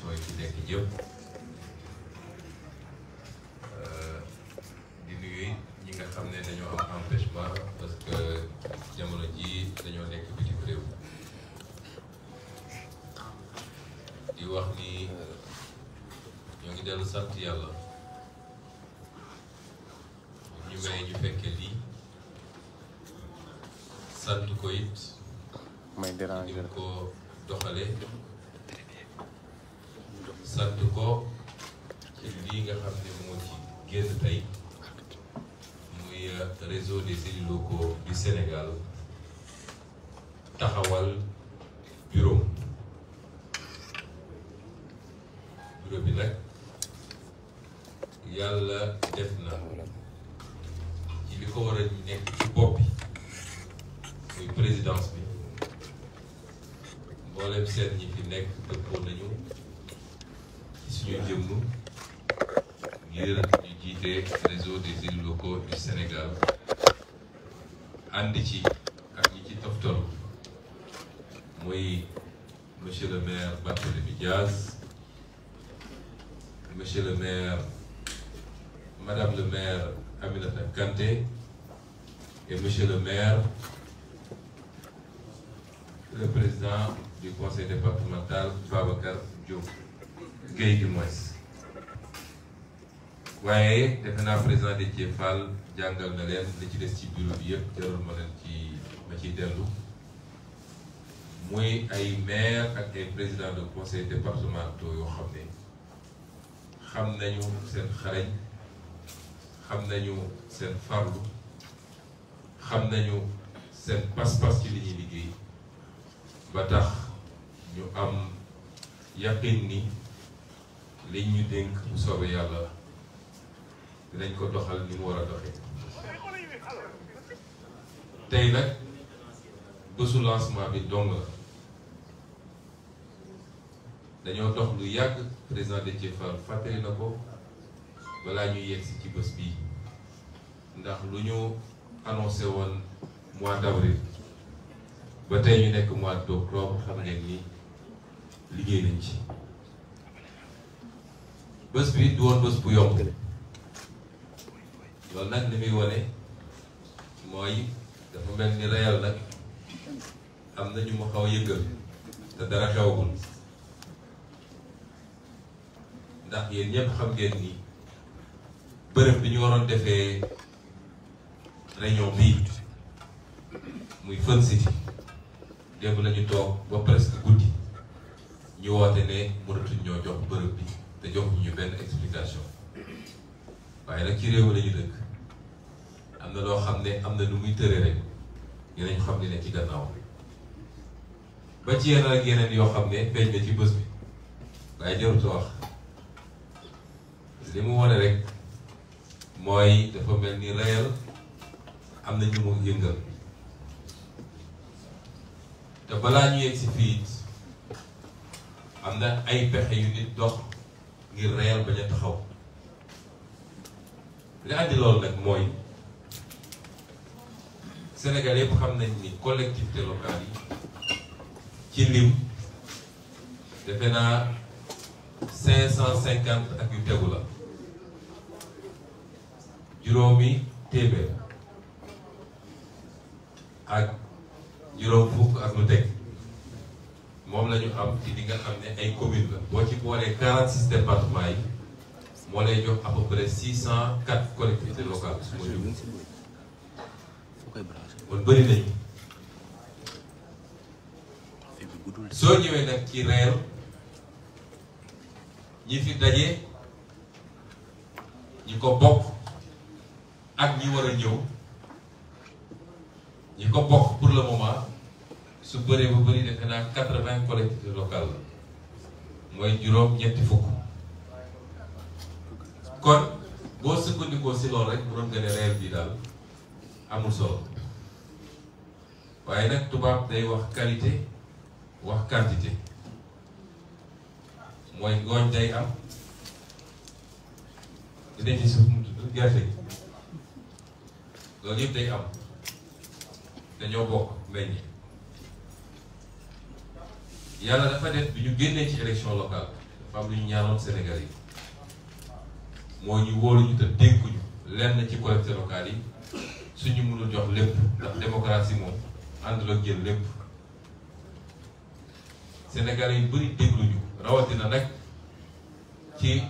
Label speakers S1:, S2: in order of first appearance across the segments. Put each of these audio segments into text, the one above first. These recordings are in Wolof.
S1: coalition yi fi nekk yëpp di ñi nga xam ne dañoo am empêchement parce que jamono ji dañoo nekk bitim réew di wax ni ñoo ngi dellu sant yàlla ñu may ñu fekke lii sant ko it may déranger ko doxale ko ci ak ñi ci toftal muy monsieur le maire Barthélémy Diaz monsieur le maire madame le maire Aminata Kanté et monsieur le maire le président du conseil départemental Babacar Diop Guèye du moins waaye defe naa président Déthié Fall jàngal na leen li ci des ci bureau bi yëpp jarul ma leen ci ma ciy dellu muy ay maire ak ay président de conseil départementaux yoo xam ne xam nañu seen xarañ xam nañu seen farlu xam nañu seen pas-pas ci li ñuy liggéey ba tax ñu am yaqin ni li ñu dénk bu soobee yàlla dinañ ko doxal ni mu war a doxee tey nag bésu lancement bi dong la dañoo dox lu yàgg président Déthié Fall fàttali na ko balaa ñuy yegg ci bës bi ndax lu ñu annoncé woon mois d'avril ba tey ñu nekk mois d'octobre xam ngeen ni liggéey nañ ci bés bi du woon bés bu yomb loolu nag li muy wane mooy dafa mel ni réel nag am na ñu mu xaw a yëngal te dara xewagul ndax yéen ñëpp xam ngeen ni bërëb bi ñu waroon defee réunion bii muy Fun City démb la ñu toog ba presque guddi ñu woote ne mënatuñ ñoo jox bërëb bi te joxuñu ñu benn explication waaye nag ci réew la ñu am na loo xam ne am na lu muy tëre rek dinañ xam ne ne ci gannaaw ba ci yeneen ak yeneen yoo xam ne feeñ na ci bés bi waaye jarut wax li mu wane rek mooy dafa mel ni réel am na ñu mu yëngal te balaa ñu yegg am na ay pexe yu nit dox ngir réel bañ a taxaw li àndi loolu nag mooy Sénégal yëpp xam nañ ni collectivité locale yi ci lim defe naa cinq cinquante ak yu tegu la juróomi téeméer ak juróom fukk ak lu teg moom la ñu am ci li nga xam ne ay commune la boo ci boolee quarante moo lay jox à peu près six cent quatre collectivités locales su ma koy branché. kon bëri nañu. soo ñëwee nag ci reer ñi daje ñi ko bokk ak ñi war a ko bokk pour le moment su bëree ba bëri defe naa quatre-vingts collectivités locales la mooy juróom ñetti fukk kon boo sukkandikoo si loolu rek bu doon gën reer bi daal amul waaye nag tubaab day wax qualité wax quantité mooy ngooñ day am li dañ ci suuf gerte gi loolu yëpp day am dañoo bokk meññ yàlla dafa def bi ñu génnee ci élection locale dafa am lu ñu ñaanoon Sénégal yi moo ñu wóoluñu te dénkuñu lenn ci collectivités locales yi suñu mënul jox lépp ndax moom àndul ak jël lépp Sénégalais yu bëri dégluñu rawatina nag ci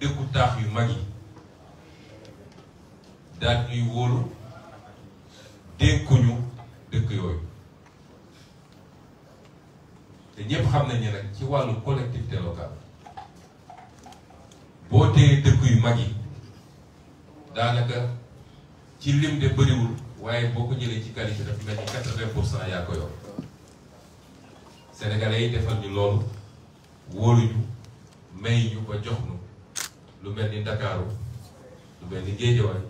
S1: dëkku taax yu mag yi daal ñuy wóolu dénkuñu dëkk yooyu te ñëpp xam nañu nag ci wàllu collectivité locale boo téye dëkk yu mag yi daanaka ci lim de bëriwul. waaye boo ko jëlee ci qualité dafa mel ni quatre-vingt pour cent yaa ko yor sénégalais yi defal ñu loolu wóoluñu may ñu ba jox ñu lu mel ni ndakaaru lu mel ni géejawaay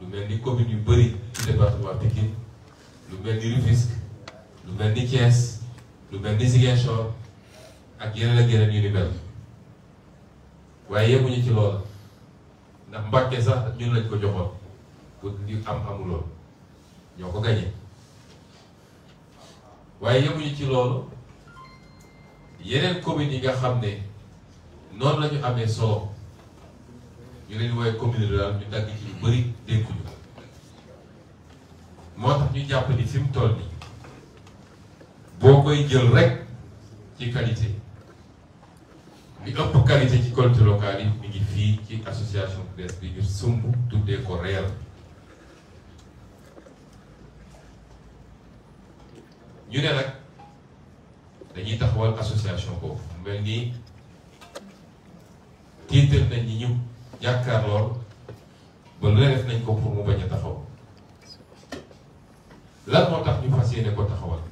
S1: lu mel ni commune yu bëri ci département Pikine lu mel ni Rufisque lu mel ni Thiès lu mel ni Ziguinchor ak yeneen ak yeneen yu ni mel waaye yemuñu ci loolu ndax Mbàkke sax ñun lañ ko joxoon pour li am amuloon ñoo ko gañee waaye yemuñu ci loolu yeneen communes yi nga xam ne noonu la ñu amee solo ñu leen wooye commune rurale ñu dagg ci lu bëri dénkuñu moo tax ñu jàpp ni fi mu toll nii boo koy jël rek ci qualité li ëpp qualité ci collectivités locales yi fii ci association bu bees bi ñu sumb tuddee ko réel ñu ne nag dañuy taxawal association boobu mel nii tiital nañ ñu jàkkaar ba lu def nañ ko pour mu bañ a taxaw lan moo tax ñu fas yéene ko taxawal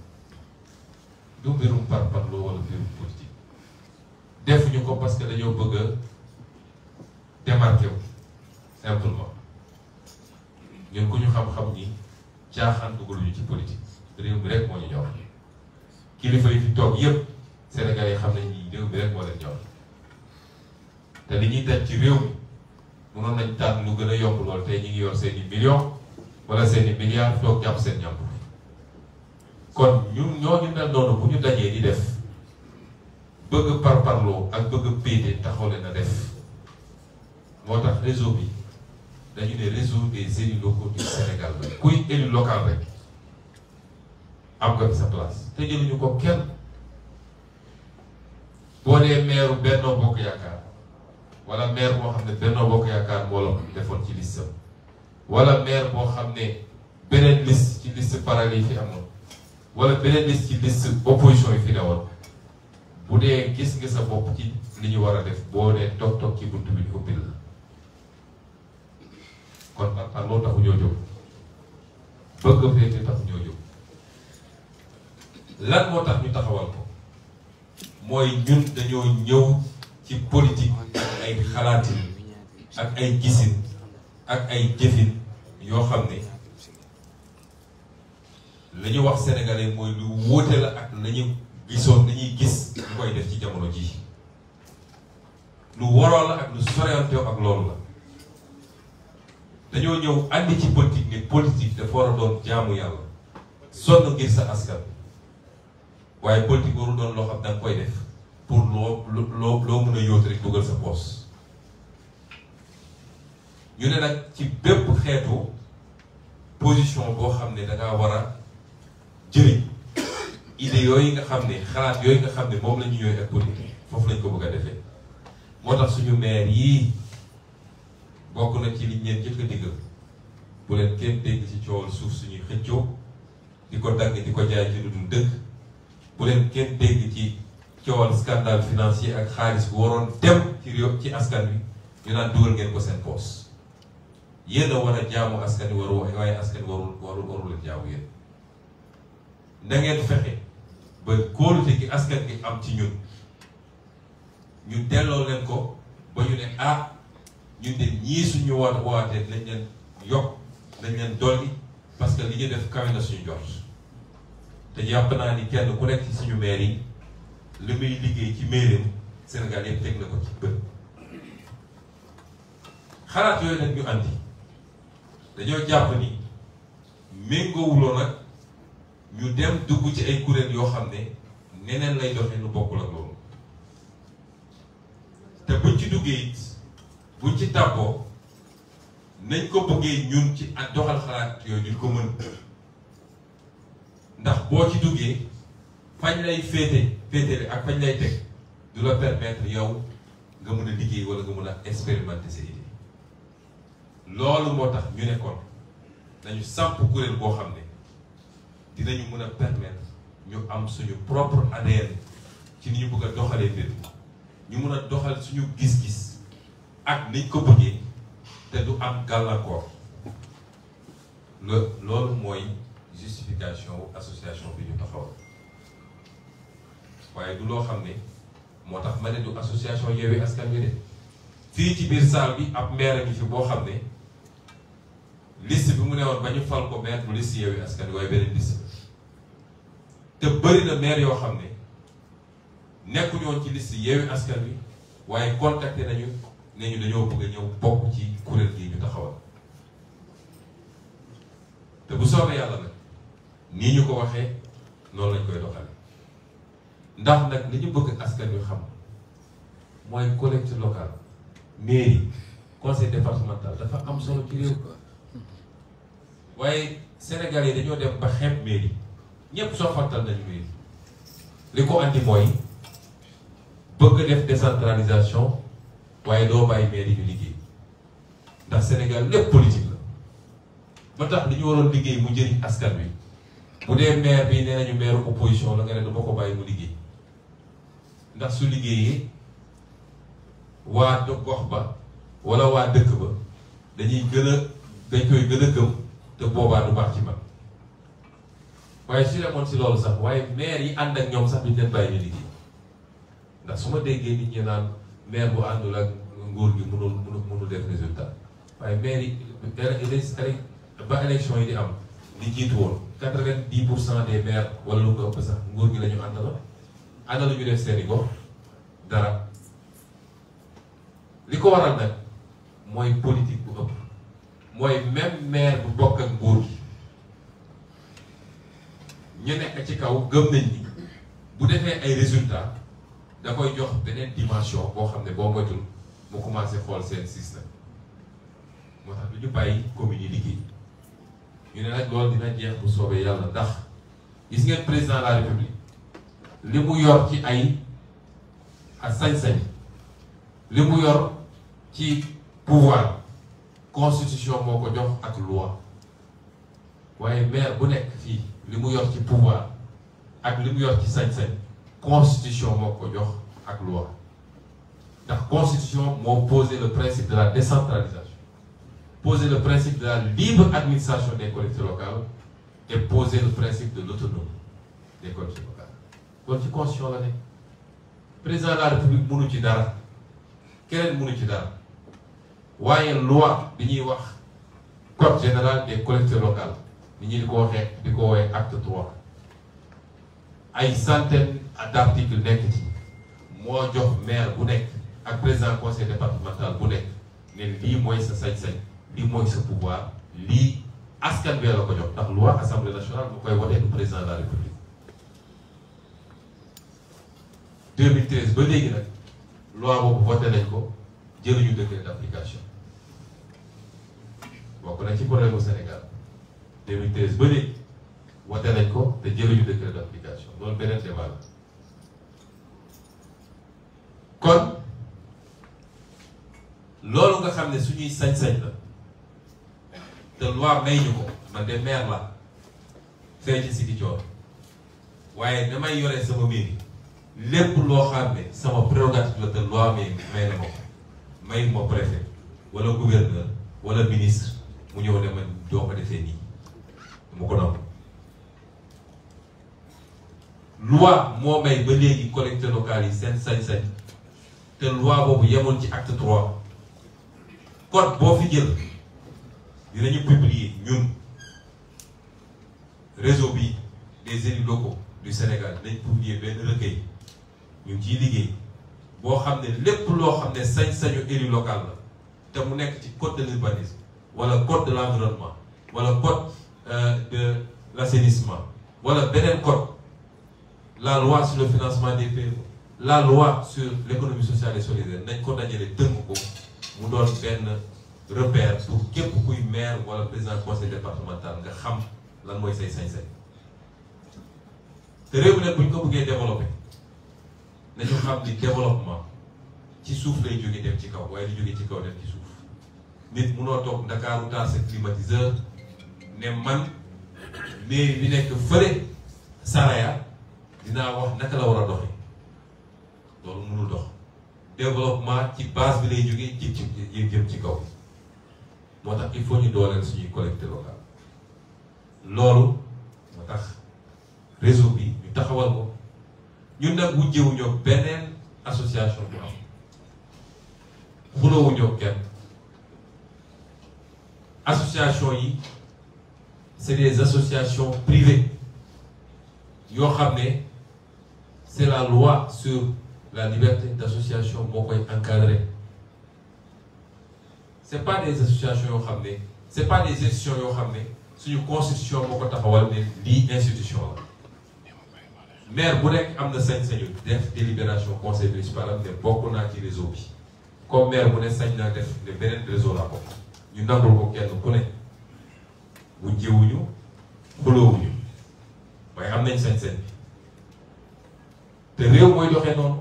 S1: du mbirum par parloo wala mbirum politique defuñu ko parce que dañoo bëgg a démarqué wu simplement ñun ku ñu xam-xam ni caaxaan dugaluñu ci politique. réew bi rek moo ñu kilifa yi fi toog yëpp Sénégal yi xam nañ ni réew bi rek moo leen ñor te li ñuy daj ci réew mi mënoon nañ tànn lu gën a yomb lool tey ñu ngi seen i millions wala seen i milliards toog jàpp seen ñam kon ñun ñooñu mel noonu bu ñu dajee di def bëgg par parloo ak bëgg péete taxaw leen a def moo tax réseau bi dañu ne réseau des élus locaux du Sénégal la kuy élu local rek. am nga fi sa place te jëluñu ko kenn boo dee meeru Benno Bokk Yaakaar wala maire boo xam ne Benno Bokk Yaakaar mbooloo ko defoon ci liste wala maire boo xam ne beneen liste ci liste parallèle yi fi wala beneen liste ci liste opposition yi fi newoon bu dee gis nga sa bopp ci li war a def boo dee toog toog ci buntu bi ñu ubbil la kon par par loolu taxu ñoo jóg bëgg féete taxu ñoo lan moo tax ñu taxawal ko mooy ñun dañoo ñëw ci politique ay xalaatin ak ay gisin ak ay jëfin yoo xam ne la wax sénégalais mooy lu wóote la ak la gisoon dañuy gis ñu def ci jamono jii lu waroo la ak lu soreyantoo ak loolu la dañoo ñëw àndi ci politique ne politique dafa war a doon jaamu yàlla sonn ngir sa askan waaye politique warul doon loo xam koy def pour loo loo mën a yóotu rek dugal sa poos ñu ne nag ci bépp xeetu position boo xam ne da ngaa war a jëriñ idées yooyu nga xam ne xalaat yooyu nga xam ne moom la ñu yooyu ak politique foofu lañ ko bëgg a defee moo tax suñu maire yii bokk na ci li leen jëkk a diggal bu leen kenn dégg ci coowal suuf suñuy xëccoo di ko dagg di ko jaay ci lu dëkk bu leen kenn dégg ci coowal scandale financier ak xaalis bu waroon dem ci askan wi ñu naan dugal ngeen ko seen poos yéen a war a jaamu askan wi waru waaye askan wi warul warul warul leen jaamu yéen na ngeen fexe ba kóolute gi askan gi am ci ñun ñu delloo leen ko ba ñu ne ah ñun de ñii suñu waat waatee nañ leen yokk nañ leen dolli parce que li ñu def kawe suñu jot te yàpp naa ni kenn ku nekk ci suñu maire yi li muy liggéey ci mairie Sénégal yëpp teg na ko ci bët xalaat yooyu nag ñu àndi dañoo jàpp ni méngoowuloo nag ñu dem dugg ci ay kuréel yoo xam ne neneen lay doxee nu bokkul ak loolu te buñ ci duggee it buñ ci tàppoo nañ ko bëggee ñun ci doxal xalaat yooyu ñu ko mën ndax boo ci duggee fañ lay féete féetele ak fañ lay teg du la permettre yow nga mun a liggéey wala nga mun a expérimenter sa idée loolu moo tax ñu ne kon dañu samp kuréel boo xam ne dinañu mën a permettre ñu am suñu propre ADN ci ni ñu bëgg a doxalee mbir ñu mën a doxal suñu gis-gis ak niñ ko bëggee te du am gàllankoor loolu mooy justification association bi ñu taxawal waaye du loo xam ne moo tax ma ne du association Yewwi Askan Wi de fii ci biir salle bi ab maire ngi fi boo xam ne liste bi mu ne woon ba ñu fal ko maire bu liste Yewwi Askan Wi waaye beneen liste te bëri na maire yoo xam ne nekkuñu woon ci liste Yewwi Askan Wi waaye contacté nañu ne ñu dañoo bëgg ñëw bokk ci kuréel gi ñu taxawal te bu soobee yàlla nag nii ñu ko waxee noonu lañ koy doxale ndax nag li ñu bëgg askan yu xam mooy collecte locale mairie conseil départemental dafa am solo ci réew waaye Sénégal yi dañoo dem ba xeeb mairie ñëpp soo xottal nañu mairie li ko andi mooy bëgg def décentralisation waaye doo bàyyi mairie ñu liggéey ndax Sénégal lépp politique la ba tax li ñu waroon liggéey mu jëriñ askan wi bu dee maire bi nee nañu maire opposition la nga ne du ko bàyyi mu liggéey ndax su liggéeyee waa gox ba wala waa dëkk ba dañuy gën a dañ koy gën a gëm te boobaa baax ci man waaye su demoon si loolu sax waaye maire yi ànd ak ñoom sax duñ leen bàyyi ñu liggéey ndax su ma déggee nit ñi naan maire bu àndul ak nguur gi mënul mënul def résultat waaye maire yi ba élection yi di am. li jiitu woon quatre-vingt-dix cent des maires wala lu ko ëpp sax nguur gi lañu ñu àndaloon ana lu ñu def seeni gox dara li ko waral nag mooy politique bu ëpp mooy même maire bu bokk ak nguur gi ñu nekk ci kaw gëm nañ bu defee ay résultats da koy jox beneen dimension boo xam ne boo moytul mu commencé xool seen système moo tax du ñu bàyyi communes liggéey yu ne nag loolu dina jeex bu soobee yàlla ndax gis ngeen président de la république li mu yor ci ay ak sañ-sañ li mu yor ci pouvoir constitution moo ko jox ak loi waaye maire bu nekk fii li mu yor ci pouvoir ak li mu yor ci sañ-sañ constitution moo ko jox ak loi ndax constitution moo posé le principe de la poser le principe de la libre administration des collectivités locales et poser le principe de l'autonomie des collectivités locales kon ci constitution la ne président de la république mënu ci dara keneen mënu ci dara waaye loi bi ñuy wax code général des collectivités locales ni ñu di ko waxee di ko woowee acte trois ay centaine d'articles nekk ci moo jox maire bu nekk ak président conseil départemental bu nekk ne lii mooy sa sañ-sañ li mooy sa pouvoir lii askan bee la ko ndax loi assemblée nationale bu koy wotee du président de la république ba léegi nag loi boobu voté nañ ko jëluñu décret d'application bokk na ci problème au Sénégal 2013 ba léegi voté nañ ko te jëluñu décret d'application loolu beneen débat la kon loolu nga xam ne suñuy sañ-sañ la te loi may ñu ko man de maire la fee ci Sidi Dior waaye damay yore sama mairie lépp loo xam ne sama prérogative la te loi may may na ma ko wala gouverneur wala ministre mu ñëw ne man doo ko defee nii mu ko moo may ba léegi collectivités locales yi seen sañ te loi boobu yemoon ci acte trois code boo dinañu publier ñun réseau des élus locaux du Sénégal dinañ publier benn recueil ñu ngi ciy liggéey boo xam ne lépp loo xam ne sañ-sañu élu local la te mu nekk ci code de l'urbanisme wala code de l'environnement wala code euh, de l'assainissement wala beneen code la loi sur le financement des PME la loi sur l'économie sociale et solidaire nañ ko dajale tënk ko mu doon benn repère pour képp kuy maire wala président conseil départemental nga xam lan mooy say sañ-sañ te réew mi nag bu ñu ko bëggee développé nañu xam ni développement ci suuf lay jóge ci kaw waaye li jóge ci kaw dem ci suuf nit munoo toog ndakaaru taal sa climatiseur ne man mairie bi nekk fële Saraya dinaa wax naka la war a doxee loolu mënul dox développement ci base bi lay jóge jëm ci kaw moo tax il faut ñu dooleel suñuy collecte locale loolu moo tax réseau bi ñu taxawal ko ñun nag wujjewuñoo beneen association bu am xuloowuñoo kenn association yi c'est des associations privées yoo xam ne c'est la loi sur la liberté d'association moo koy encadré c'est pas des associations yoo xam ne c'est pas des institutions yoo xam ne suñu constitution moo ko taxawal ne lii institution la maire bu nekk am na sañ-sañu def délibération conseil municipal am ne bokk naa ci réseau bi comme maire bu ne sañ naa def ne beneen réseau la ko ñu nangul ko kenn ku ne bu xuloowuñu waaye am nañ sañ-sañ bi te réew mooy doxee noonu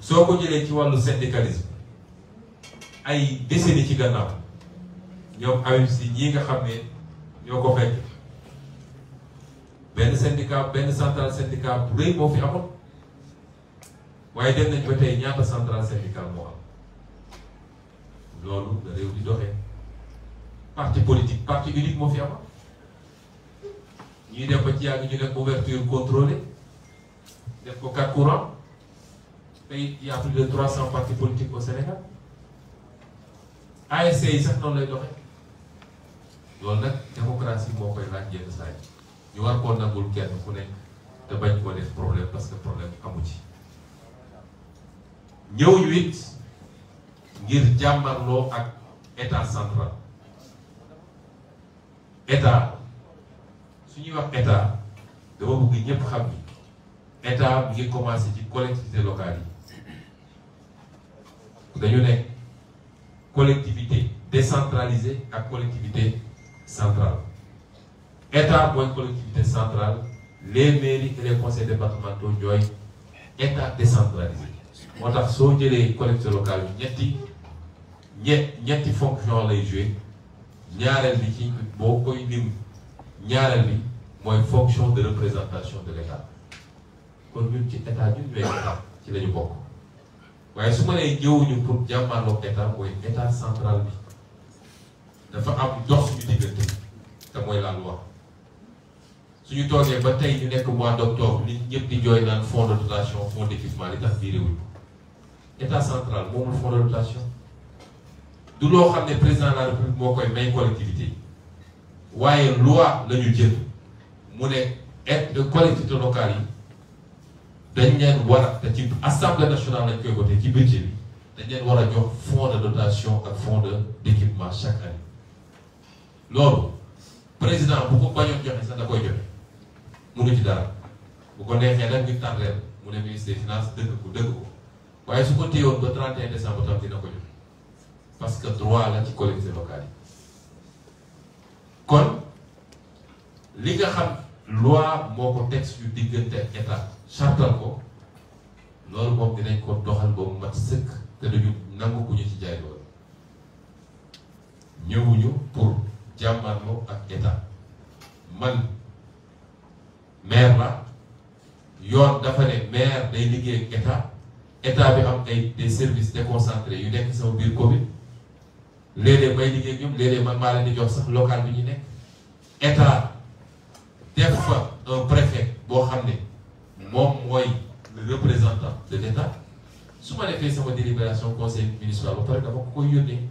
S1: soo ko jëlee ci wàllu syndicalisme ay décennies ci gannaaw ñoom awim si ñii nga xam ne ñoo ko fekk benn syndicat benn central syndicat bu rëy moo fi central syndicat moo am loolu da di doxee parti politique parti unique moo fi amoon ñuy def ko ci yàgg ñu def ouverture contrôlée def ko quatre courants tey y a plus de trois cents partis politiques au Sénégal ASC yi sax noonu lay doxe loolu nag démocratie moo koy laaj yenn saa yi ñu war koo nangul kenn ku nekk te bañ koo def problème parce que problème amu ci ñëw ñu it ngir jàmbarloo ak état central état su ñuy wax état dama bëgg ñëpp xam ni état bi ngi commencé ci collectivité locale yi dañu nekk collectivité décentralisée ak collectivité centrale état mooy collectivité centrale les mairies et les conseils départementaux ñooy état décentralisé moo tax soo jëlee collectivité locale bi ñetti ñe ñetti fonction lay joué ñaareel bi ci boo koy lim ñaareel bi mooy fonction de représentation de l' état kon ñun ci état ñun ñooy état ci la ñu bokk waaye su manee nee pour jàmmaarloog état mooy état central bi dafa am dox suñu diggante te mooy la loi suñu toogee ba tey ñu nekk mois d'octobre nit ñëpp di jooy naan fonds de dotation fonds d'équipement li tax biiré wuñu central moomul fonds de du loo xam ne président de la moo koy may collectivité waaye loi la ñu jël mu ne aide de collectivité locale yi dañ leen war a te ci assemblée nationale lañ koy voté ci budget bi dañ leen war a jox fonds de dotation ak fonds de d'équipement chaque année loolu président bu ko bañoon joxe sax da koy joxe mënu ci dara bu ko neexee nag ñu tànn leen mu ne ministre des dëgg ko dëgg ko waaye su ko téyoon ba 31 décembre tam dina ko joxe parce que droit la ci collectivités locales yi kon li nga xam loi moo ko teg suñu diggante état. sartal ko loolu moom dinañ ko doxal ba mu mat sëkk te duñu nangu ku ñu ci jaay loolu ñëwuñu pour jàmmarloo ak état man maire la yoon dafa ne maire day liggéey ak état bi am ay des services déconcentrés yu nekk sama biir commune léeg may liggéey ñoom léeg-léeg maa leen jox sax local bi ñu nekk état def fa un boo xam ne moom mooy le représentant de l'État su ma defee sama délibération conseil municipal ba pare dama ko koy yónnee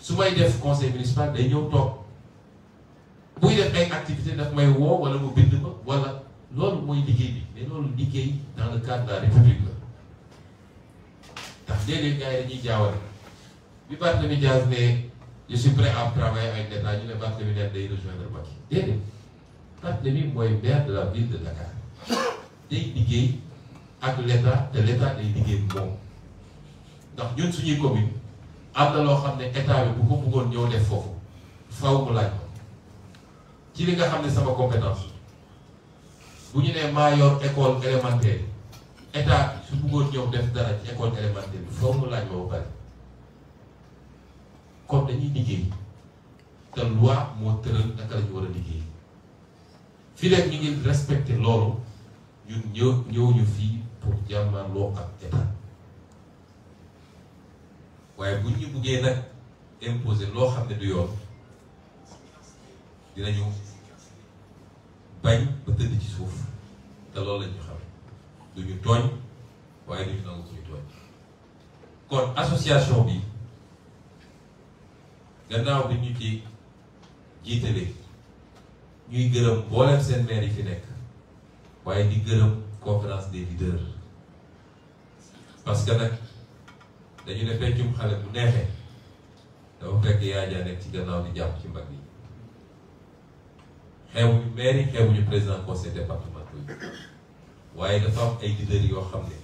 S1: su may def conseil municipal day ñëw toog buy def ay activité daf may woo wala mu bind ma wala loolu mooy liggéey bi mais loolu liggéey dans le cadre de la république la ndax léeg-léeg gars yi dañuy jaawale bi Barthélémy Dias ne je suis prêt à travailler avec l'État ñu ne Barthélémy day rejoindre Macky déedéet Barthélémy mooy maire de la ville de Dakar day liggéey ak l'état te l'état day liggéey moom ndax ñun suñuy commune am na loo xam ne état bi bu ko bëggoon ñëw def foofu faaw mu laaj ko ci li nga xam ne sama compétence bu ñu nee maa yor école élémentaire état su buggoon ñëw def dara ci école élémentaire bi faaw mu laaj ma ba pare kon dañuy liggéey te loi moo tëral naka la war a liggéey fii rek ñu ngi respecté loolu. ñun ñëw ñëw ñu fii pour jàmmarloo ak état waaye buñ ñu buggee nag imposer loo xam ne du yoon dinañu bañ ba tëdd ci suuf te loolu lañ ñu xam du ñu tooñ waaye du ñu nangu ku ñu tooñ kon association bi gannaaw bi ñu ci jiitale ñuy gërëm mboolem seen maire yi fi nekk. waaye di gërëm conférence des leaders parce que nag dañu ne feccum xale bu neexee dafa fekk yaajaa nekk ci gannaaw di jàpp ci mag yi xeewuñu maire xeewuñu président conseil départemental yi waaye dafa am ay leaders yoo xam ne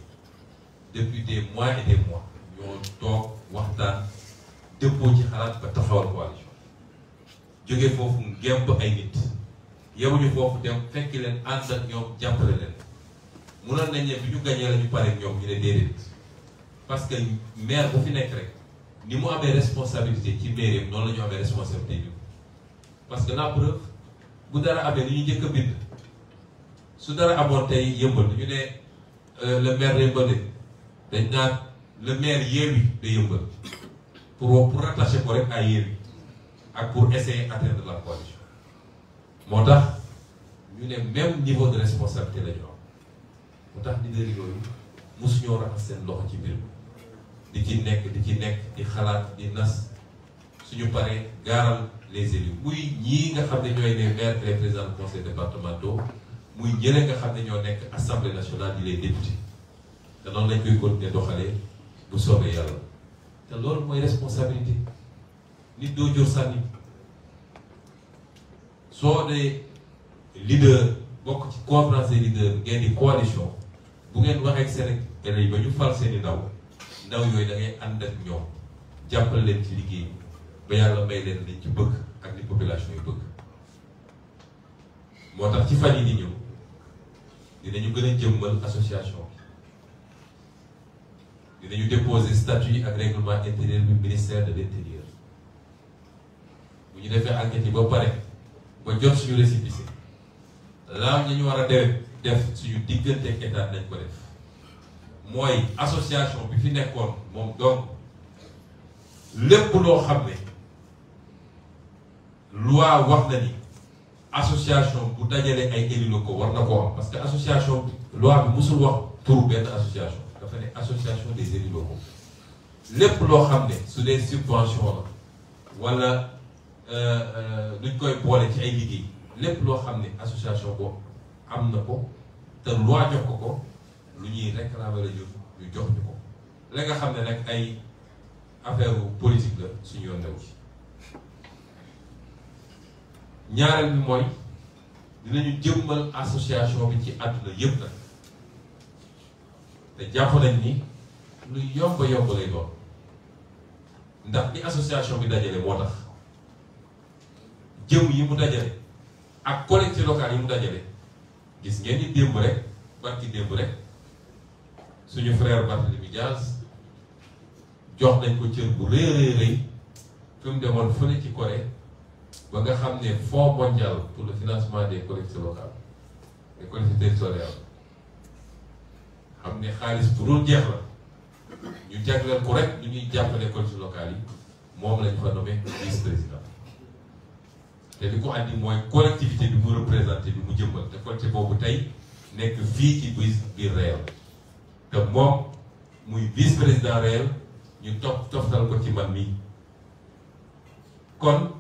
S1: depuis des mois et ñoo toog waxtaan dëppoo ci xalaat ba taxawal coalition jóge foofu ngemb ay nit yemuñu foofu dem fekki leen ànd ak ñoom jàppale leen munoon nañ ne bi ñu gañee la ñu ñoom ñu ne déedéet parce que maire bu fi nekk rek ni mu amee responsabilité ci mairie am noonu la ñu responsabilité ñu parce que la preuve bu dara amee li ñu njëkk a su dara amoon tey yëmbal ñu ne euh, le maire day mbënde dañ naan le maire Yewwi da yëmbal pour pour rattacher ko rek à Yewwi ak pour essayer atteindre la coalition moo tax ñu ne même niveau de responsabilité la ñu am moo tax leader yooyu mosuñoo raxas seen loxo ci mbir mi di ci nekk di ci nekk di xalaat di nas suñu paree gaaral les élus muy ñii nga xam ne ñooy les maires les présidents du conseil départementaux muy ñële nga xam ne ñoo nekk assemblée nationale di les députés te noonu lañ koy continuer doxalee bu soobee yàlla te loolu mooy responsabilité nit doo jur sànni soo dee leader bokk ci conférence des leaders ngeen di coalition bu ngeen waxee Sénégalais yi ba ñu fal seen ndaw ndaw yooyu da ànd ak ñoom jàppale leen ci liggéey ba yàlla may leen liñ ci bëgg ak ni population yi bëgg moo tax ci fan yi di ñëw dinañu gën a jëmmal association bi dinañu déposer statut yi ak règlement intérieur du ministère de l' intérieur bu ñu defee enquête yi ba pare. ba jot suñu récépissé laam ñu war a def def suñu diggante ak nañ ko def mooy association bi fi nekkoon moom donc lépp loo xam ne loi wax na ni association bu dajale ay élus ko war na koo am parce que association loi bi musul wax turu benn association dafa ne association des élus locaux lépp loo xam ne su dee subvention la wala duñ koy boole ci ay liggéey lépp loo xam ne association boo am na ko te loi jox ko ko lu ñuy réclamer la jur ñu jox ñu ko la nga xam ne nag ay affaire politique la suñu yoon new ci ñaareel bi mooy dinañu jëmmal association bi ci àdduna yëpp nag te jàpp ni lu yomb yomb lay doon ndax li association bi dajale moo tax jëmm yi mu dajale ak collectivités locales yi mu dajale gis ngeen ni démb rek barki démb rek suñu frère Barthélémy Dias jox nañ ko cër bu rëy rëy rëy fi mu demoon fële ci Corée ba nga xam ne fonds mondial pour le financement des collectivités locales des collectivités territoriales xam ne xaalis bu dul jeex la ñu jagleel ko rek ñu ñuy jàppale collectivités locales yi moom lañ fa nommé vice président te li ko andi mooy collectivité bi mu représenté bi mu jëmbal te côté boobu tey nekk fii ci bis biir réew te moom muy vice président réew ñu topp toftal ko ci man mi kon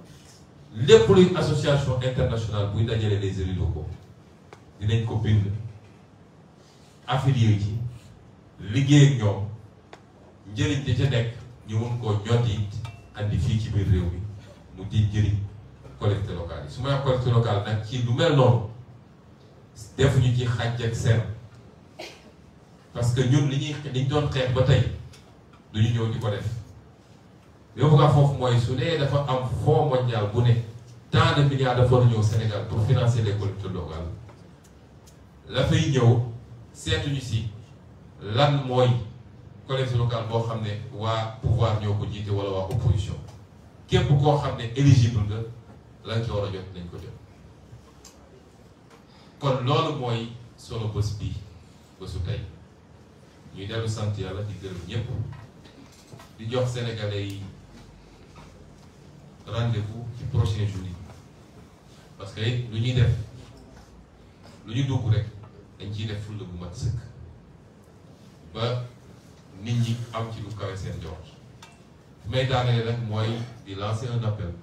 S1: lépp luy association internationale buy dajale les élus locaux dinañ ko bind affilié ci liggéey ak ñoom njëriñ da ca nekk ñu mun koo ñot fii ci biir réew mi mu di njëriñ collecte locale su may wax collecte locale nag ci lu mel noonu defuñu ci xàjj ak seen parce que ñun li ñuy li ñu doon xeex ba tey du ñu ñëw ko def yow nga foofu mooy su nee dafa am fonds mondial bu ne tant de milliards dafa war a ñëw Sénégal pour les collectivités locales la fay seetuñu si lan mooy collectivité locale boo xam ne waa pouvoir ñoo ko jiite wala waa opposition képp koo xam ne éligible lañ ci war a jot nañ ko jot kon loolu mooy solo bés bi bésu tey ñuy dellu sant yàlla di gërëm ñëpp di jox sénégalais yi ci prochain jour parce que lu ñuy def lu ñu dugg rek dañ ciy def fulla bu mat sëkk ba nit ñi am ci lu kawe seen joor may daanale nag mooy di lancer un appel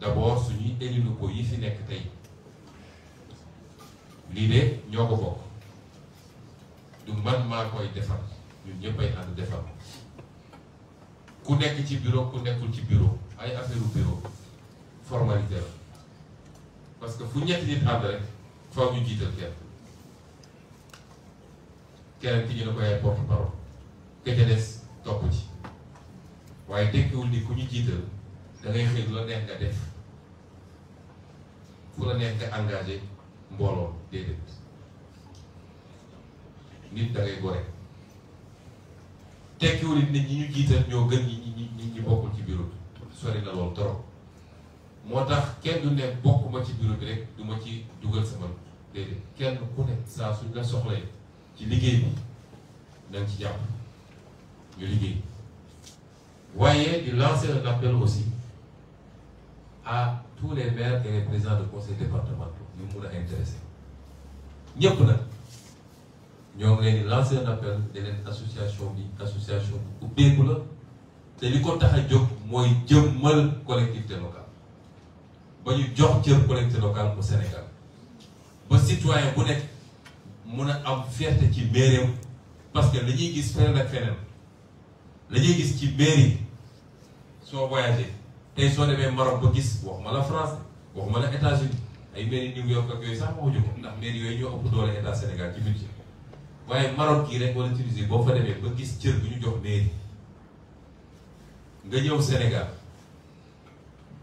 S1: d'abord suñuy élus locaux yi fi nekk tey lii de ñoo ko bokk man maa koy defar ñun ñëpp ay ànd defar ku nekk ci bureau ku nekkul ci bureau ay affaire u bureau formalité la parce que fu ñetti nit ànd rek ñu jiital kenn keneen ki ñu ne ko yaay porte parole ka ca des topp ci waaye tekkiwul ni ku ñu jiital da ngay xëy lu la neex nga def fu la neex nga engagé mbooloo déedéet nit da gore tekkiwul it nit ñi ñu jiital ñoo gën ñi ñi ñi bokkul ci bureau bi sori na loolu trop moo tax kenn du ne bokkuma ci bureau bi rek du ma ci dugal sama déedéet kenn ku ne saa suñ la soxlay ci liggéey bi nañ ci jàpp ñu liggéey waaye di lancer un appel aussi à tous les maires et les présidents de conseils départementaux yu mun a intéressé ñëpp nag ñoo ngi leen di lancer un appel ne leen association bi association bu ubbeeku la te li ko tax a jóg mooy jëmmal collectivité locale ba ñu jox cër collectivité locale bu Sénégal ba citoyen bu nekk mun a am fierté ci mairie parce que la ñuy gis feneen ak la ñuy gis ci mairie soo voyagé tey so demee Maroc ba gis waxuma la France waxuma la États-Unis ay mairie New York ak yooyu sax waxuñu ko ndax mairie yooyu ñoo ëpp doole état Sénégal ci budget waaye Maroc kii rek wala Tunisie boo fa demee ba gis cër bu ñu jox mairie nga ñëw Sénégal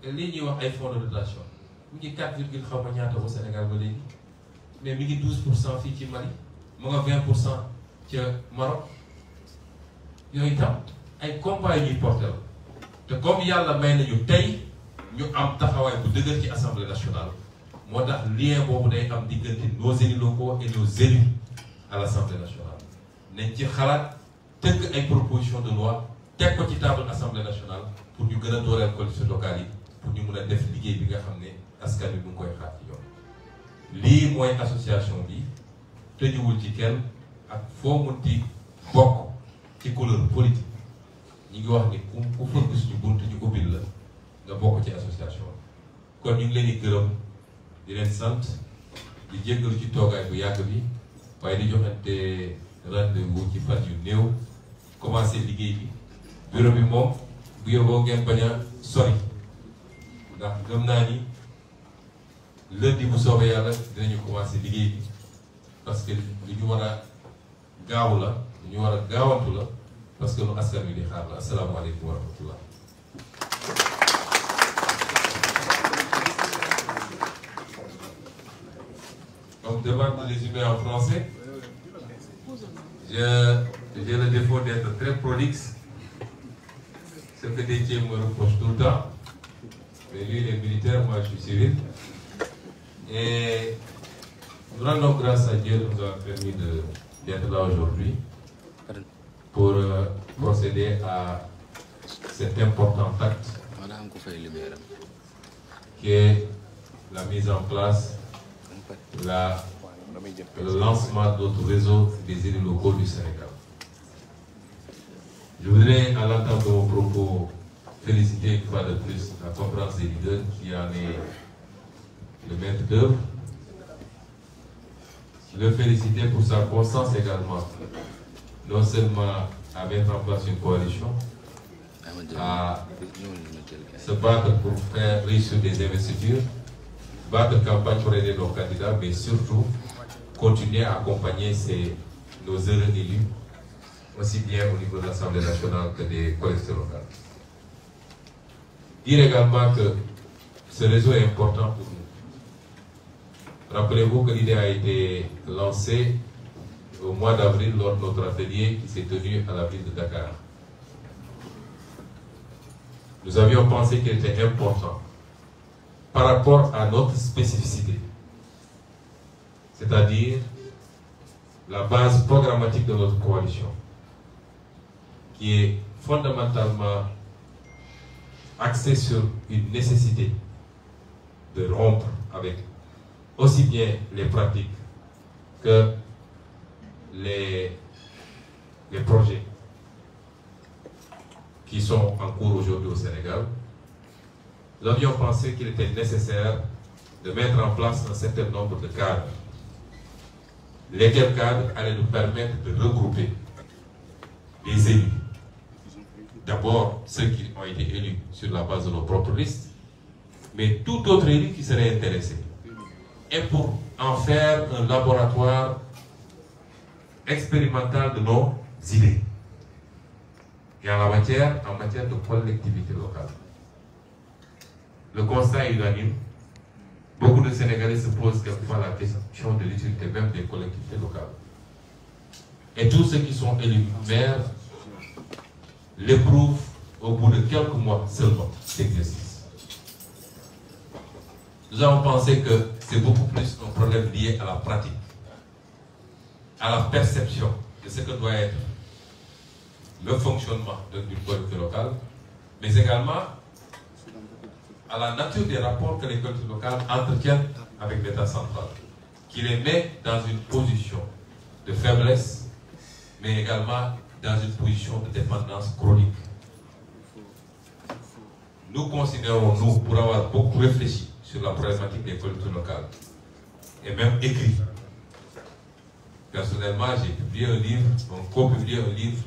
S1: lii ñuy wax ay fonds de dotation mu ngi 4 virgule xaw ma ñaata ba senegal ba léegi mais mi ngi 12 pour cent fii ci Mali mu nga 20 pour cent ca Maroc yooyu tam ay combat yu ñuy te comme yàlla may nañu tey ñu am taxawaay bu dëgër ci assemblée nationale moo tax lien boobu day am diggante nos loo ko et nos élus à l' assemblée nationale nañ ci xalaat tëgg ay proposition de loi teg ko ci table assemblée nationale pour ñu gën a dooleel collectivités locales yi pour ñu mun a def liggéey bi nga xam ne askan bi bu ngi koy xaar ci yoon lii mooy association bi tëjuwul ci kenn ak foo mun di bokk ci couleur politique ñi ngi wax ni ku fëgg suñu bunt ñu ubbil la nga bokk ci association kon ñu ngi leen di gërëm sant di jéggalu ci toogaay bu yàgg bi waaye di joxante rendez-vous ci fan yu néew commencé liggéey bi bureau bi moom bu yóbboo ngeen bañ a sori ndax gëm naa ni lundi bu soobee yàlla dinañu commencé liggéey bi parce que ñu war a gaaw la ñu war a gaawantu parce que lu askan wi di xaar la asalaamaaleykum wa rahmatullah comme demande les humains en français j'ai le défaut d'être très prolixe ce que Déthié me reproche tout le temps mais lui il est militaire moi je suis civil et nous rendons grâce à Dieu nous a permis de d'être là aujourd'hui pour euh, procéder à cet important acte qui est la mise en place, la, le lancement d'autres réseaux des élus du Sénégal. Je voudrais, à l'entente de mon propos, féliciter une de plus la conférence des leaders qui en est le maître Le féliciter pour sa constance également non seulement à mettre en place une coalition, à se battre pour faire réussir des investitures, battre campagne pour aider nos candidats, mais surtout continuer accompagner ces, nos heureux élus, aussi bien au l'Assemblée nationale que des collectivités locales. Dire que ce réseau est important pour nous. Rappelez-vous que l'idée a été lancée au mois lors de notre atelier qui s'est tenu à la de Dakar. Nous avions pensé qu'il était important par rapport à notre spécificité, c'est-à-dire la base programmatique de notre coalition, qui est fondamentalement axée sur une nécessité de rompre avec aussi bien les pratiques que les, les projets qui sont en cours aujourd'hui au Sénégal, nous avions pensé qu'il était nécessaire de mettre en place un certain nombre de cadres. Lesquels cadres allaient nous permettre de regrouper les élus. D'abord, ceux qui ont été élus sur la base de nos propres listes, mais tout autre élu qui serait intéressé. Et pour en faire un laboratoire expérimentale de nos idées. Et en la matière, en matière de collectivité locale. Le constat est unanime. Beaucoup de Sénégalais se posent quelquefois la question de l'utilité même des collectivités locales. Et tous ceux qui sont élus l'éprouvent au bout de quelques seulement d'exercice. Nous avons pensé que c'est beaucoup plus un problème lié à la pratique à la perception de ce que doit être le fonctionnement d'une collectivité locale, mais également à la nature des rapports que les collectivités locales entretiennent avec l'État central, qui les met dans une position de faiblesse, mais également dans une position de dépendance chronique. Nous considérons, nous, pour avoir beaucoup réfléchi sur la problématique des collectivités locales, et même écrit Personnellement, j'ai publié un livre, donc co-publié un livre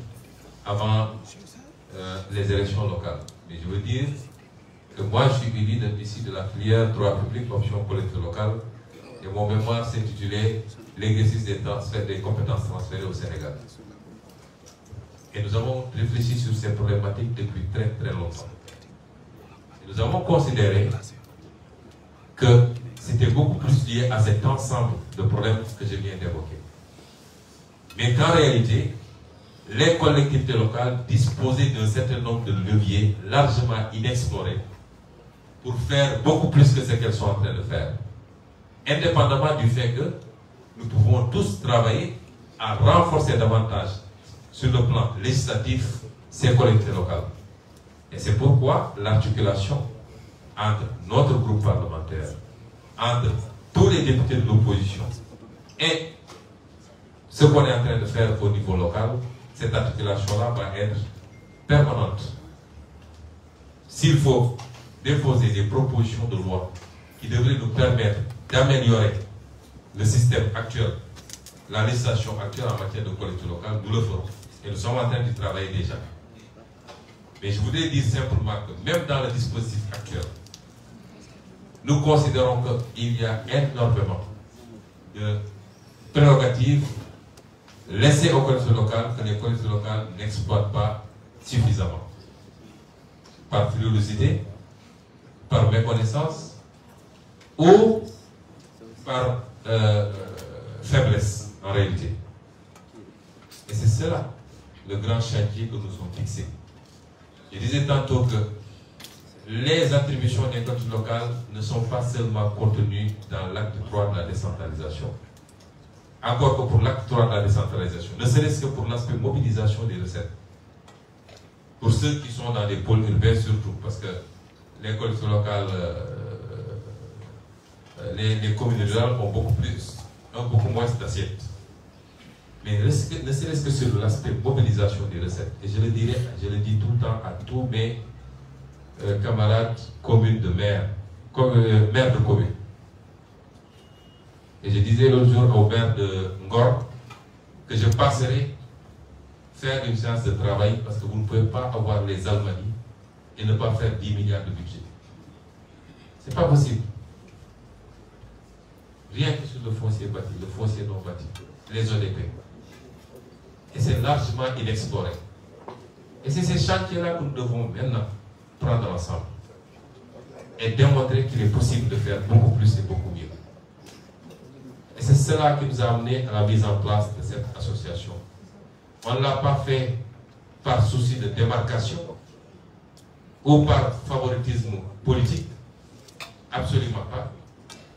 S1: avant euh, les élections locales. Mais je veux dire que moi, je suis élu de la filière droit public, option collecte locale, et mon mémoire s'intitulait L'exercice des, des compétences transférées au Sénégal. Et nous avons réfléchi sur ces problématiques depuis très très longtemps. nous avons considéré que c'était beaucoup plus lié à cet ensemble de problèmes que je viens d'évoquer. mais qu'en réalité, les collectivités locales disposaient d'un certain nombre de leviers largement inexplorés pour faire beaucoup plus que ce qu'elles sont en train de faire. Indépendamment du fait que nous pouvons tous travailler à renforcer davantage sur le plan législatif ces collectivités locales. Et c'est pourquoi l'articulation entre notre groupe parlementaire, entre tous les députés de l'opposition et Ce qu'on est en train de faire au niveau local, cette articulation-là va être permanente. S'il faut déposer des propositions de loi qui devraient nous permettre d'améliorer le système actuel, la législation actuelle en matière de collectivité locale, nous Et nous sommes en travailler déjà. Mais je voudrais dire simplement que même dans le dispositif actuel, nous considérons qu'il y a énormément de prérogatives laissées aux collectivités locales que les collectivités locales n'exploitent pas suffisamment. Par frilosité, par méconnaissance ou par euh, faiblesse en réalité. Et c'est cela le grand chantier que nous sommes fixés. Je disais tantôt que les attributions des collectivités locales ne sont pas seulement contenues dans l'acte 3 de la décentralisation. encore que pour l'acte 3 décentralisation, ne serait-ce que pour l'aspect mobilisation des recettes. Pour ceux qui sont dans les pôles urbains surtout, parce que euh, euh, les collectivités locales, les, communes rurales ont beaucoup plus, ont beaucoup moins d'assiettes. Mais ne serait-ce que sur l'aspect mobilisation des recettes, et je le dirais, je le dis tout le à tous mes euh, camarades communes de maire, comme, euh, de commune Et je disais l'autre jour au maire de Ngor que je passerai faire une chance de travail parce que vous ne pouvez pas avoir les Almadies et ne pas faire 10 milliards de budget. C'est pas possible. Rien que sur le foncier bâti, le foncier non bâti, les ODP. Et c'est largement inexploré. Et c'est ces chantiers-là que nous devons maintenant prendre ensemble et démontrer qu'il est possible de faire beaucoup plus et beaucoup mieux. Et c'est cela qui nous a amené à la mise en place de cette association. On ne pas fait par souci de démarcation ou par favoritisme politique. Absolument pas.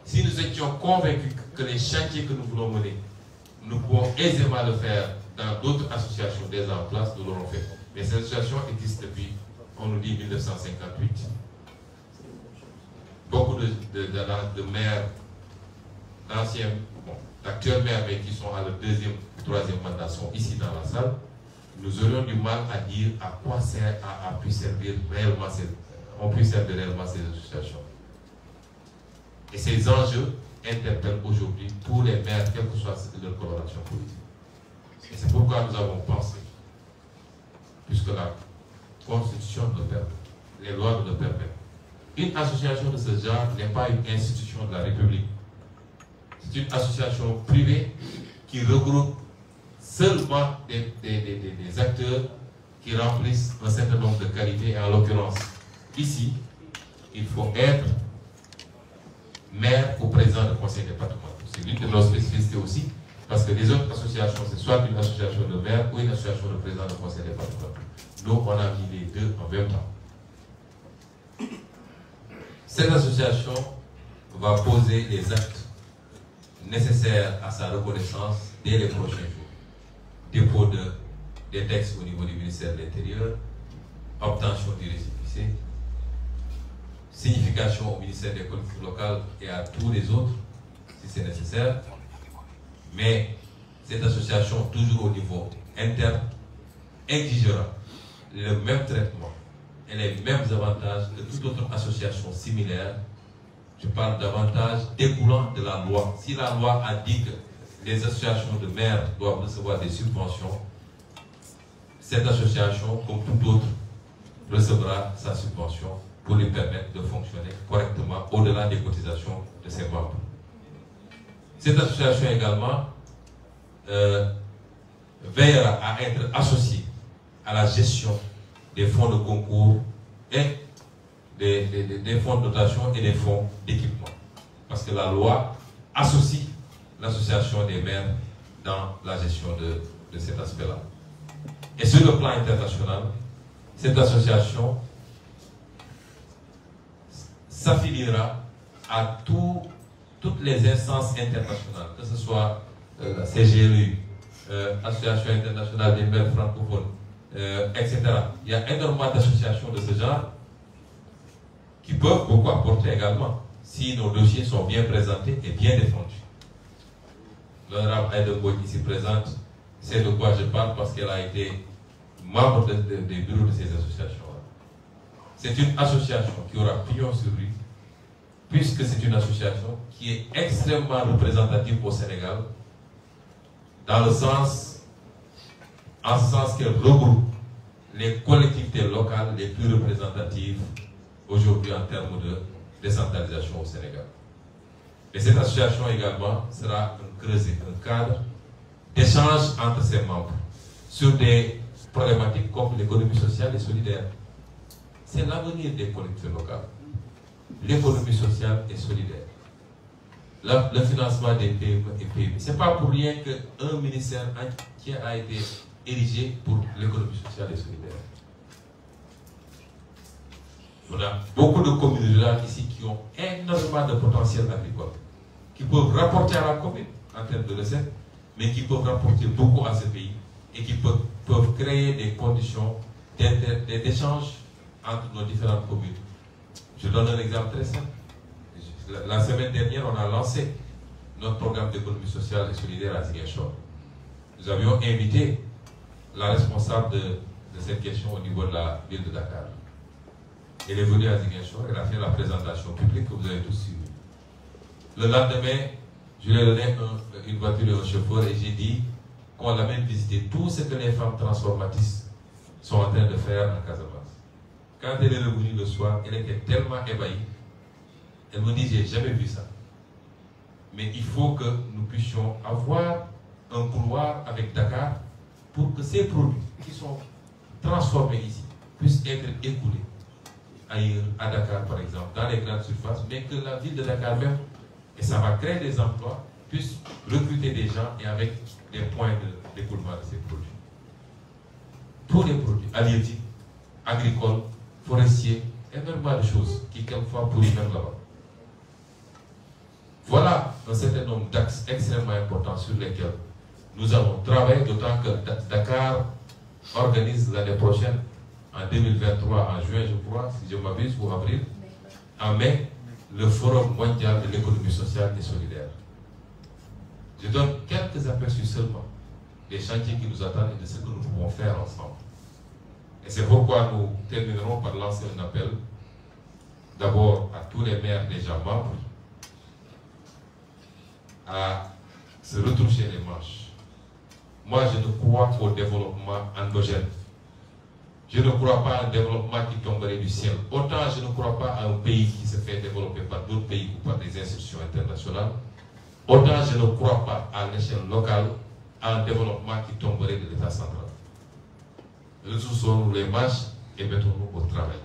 S1: Si nous étions convaincus que les chantiers que nous voulons mener, nous pouvons aisément le faire dans d'autres associations déjà en place, nous l'aurons fait. Mais cette association existe depuis, on nous dit, Beaucoup de, de, de, de maires l'ancien, bon, l'actuel maire, mais qui sont à leur deuxième, troisième mandat, sont ici dans la salle, nous aurions du mal à dire à quoi sert, à, pu servir réellement cette, on peut servir réellement ces associations. Et ces enjeux interpellent aujourd'hui tous les maires, quelle que soit leur coloration politique. Et c'est pourquoi nous avons pensé, puisque la Constitution le permet, les lois le permettent, une association de ce genre n'est pas une c'est une association privée qui regroupe seulement des, des, des, acteurs qui remplissent un certain nombre de qualités. Et en l'occurrence, ici, il faut être maire ou président du conseil départemental. C'est l'une de nos spécificités aussi, parce que les autres associations, c'est soit une association de maire ou une association de président du conseil départemental. Donc on a mis les deux en même temps. Cette association va poser les actes nécessaires à sa reconnaissance dès les prochains jours. Dépôt de, des textes au niveau du ministère de l'Intérieur, obtention du récépissé, signification au ministère des collectivités locales et à tous les autres, si c'est nécessaire. Mais cette association, toujours au niveau interne, exigera le même traitement et les mêmes avantages que toute autre association similaire je parle davantage découlant de la loi. Si la loi a dit que les associations de maires doivent recevoir des subventions, cette association, comme toute autre, recevra sa subvention pour lui permettre de fonctionner correctement au-delà des cotisations de ses membres. Cette association également euh, veillera à être associée à la gestion des fonds de concours des, des, des, fonds de dotation et des fonds d'équipement. Parce que la loi associe l'association des maires dans la gestion de, de cet aspect-là. Et sur le plan international, cette association s'affiliera à tout, toutes les instances internationales, que ce soit euh, la CGLU, euh, Association internationale des maires francophones, euh, etc. Il y a énormément d'associations de ce genre qui peuvent beaucoup apporter également, si nos dossiers sont bien présentés et bien défendus. L'honorable Aïda ici présente, c'est de quoi je parle parce qu'elle a été membre des bureaux de ces associations C'est une association qui aura pignon sur lui, puisque c'est une association qui est extrêmement représentative au Sénégal, dans le sens, en ce sens qu'elle regroupe les collectivités locales les plus représentatives aujourd'hui en termes de décentralisation au Sénégal. Et cette association également sera un creuset, un cadre d'échange entre ses membres sur des problématiques comme l'économie sociale et solidaire. C'est l'avenir des collectivités locales. L'économie sociale et solidaire. Le, le financement des PME et PMI. Ce n'est pas pour rien qu'un ministère entier a été érigé pour l'économie sociale et solidaire. On a beaucoup de communes rurales ici qui ont énormément de potentiel agricole, qui peuvent rapporter à la commune en termes de recettes, mais qui peuvent rapporter beaucoup à ce pays et qui peuvent, peuvent créer des conditions d'échange entre nos différentes communes. Je donne un exemple très simple. La semaine dernière, on a lancé notre programme d'économie sociale et solidaire à Ziguinchor. Nous avions invité la responsable de, cette question au niveau de la ville de Dakar Il est venu à Ziguinchor, il a fait la présentation publique que vous avez tous suivie. Le lendemain, je lui ai un, une voiture et un chauffeur et j'ai dit qu'on l'amène visiter tout ce que les femmes transformatistes sont en train de faire à Casablanca. Quand elle est revenue le soir, elle était tellement ébahie. Elle me dit, j'ai jamais vu ça. Mais il faut que nous puissions avoir un couloir avec Dakar pour que ces produits qui sont transformés ailleurs, à Dakar par exemple, dans les grandes surfaces, mais que la ville de Dakar même, et ça va créer des emplois, puisse recruter des gens et avec des points de découlement de ces produits. Tous les produits halieutiques, agricoles, forestiers, énormément de choses qui quelquefois pourrissent même là Voilà un certain nombre d'axes extrêmement importants sur lesquels nous allons travailler, d'autant que Dakar organise l'année prochaine en 2023, en juin, je crois, si je m'abuse, ou avril, en mai, le Forum mondial de l'économie sociale et solidaire. Je donne quelques aperçus seulement des chantiers qui nous attendent de ce nous pouvons faire ensemble. Et c'est pourquoi nous terminerons par lancer un appel d'abord à tous les maires déjà membres à se retrouver les manches. Moi, je ne crois qu'au développement endogène. Je ne crois pas à un développement qui tomberait du ciel. Autant je ne crois pas à pays qui se fait développer par d'autres pays ou par des institutions internationales. Autant je ne crois pas à l'échelle locale à un développement qui tomberait de l'État central. Ressourçons-nous les marches et mettons-nous au travail.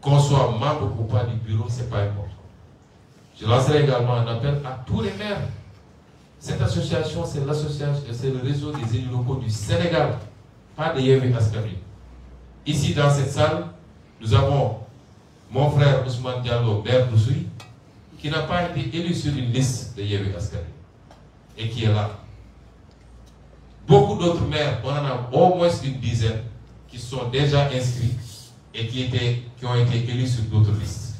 S1: Qu'on soit ou pas du bureau, ce pas important. Je lancerai également un appel à tous les maires. Cette association, c'est l'association, c'est le réseau des élus locaux du Sénégal pas de Yewwi Askan Wi ici dans cette salle nous avons mon frère Ousmane Diallo maire d'Oussouye qui n'a pas été élu sur une liste de Yewwi Askan Wi qui est là beaucoup d'autres maires on a au moins une dizaine qui sont déjà inscrits et qui étaient qui ont été élus sur d'autres listes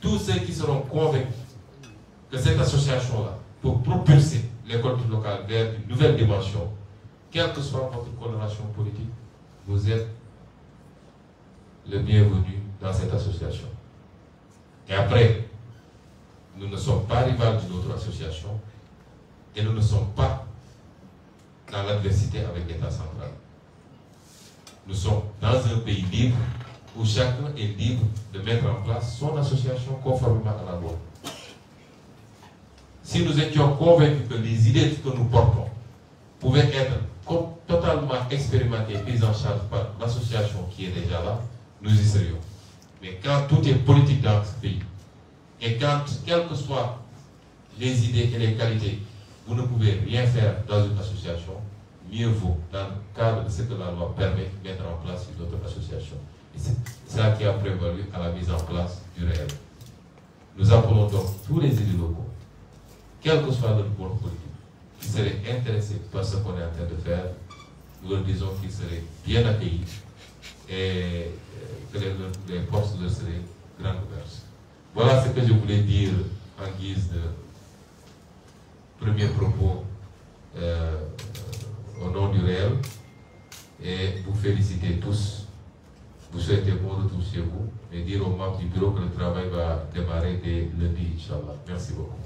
S1: tous ceux qui seront convaincus que cette association là peut propulser l'école locale vers une nouvelle dimension quelle que soit votre coloration politique, vous êtes le bienvenu dans cette association. Et après, nous ne sommes pas rivales d'une autre association et nous ne sommes pas dans l'adversité avec l'État central. Nous sommes dans un pays libre où chacun est libre de mettre en place son association conformément à la loi. Si nous étions convaincus les idées que nous portons pouvaient être totalement expérimenté et pris en charge par l'association qui est déjà là, nous y serions. Mais quand tout est dans ce pays, et quand, quelles que soient les idées et les qualités, vous ne pouvez rien faire dans une association, mieux vaut, dans le cadre ce que la loi permet, mettre en place une autre association. Et c'est ça qui a prévalu à la mise en place du réel. Nous appelons donc tous les élus locaux, quel que soit notre pouvoir politique, qui seraient intéressés par est en train de faire, nous leur disons qu'ils seraient bien accueillis et que les, les portes leur seraient grandes Voilà ce que je voulais dire en de premier propos euh, au nom du réel vous féliciter tous, vous souhaitez bon retour chez vous et dire aux membres du bureau que le travail va démarrer dès lundi, Inch'Allah. Merci beaucoup.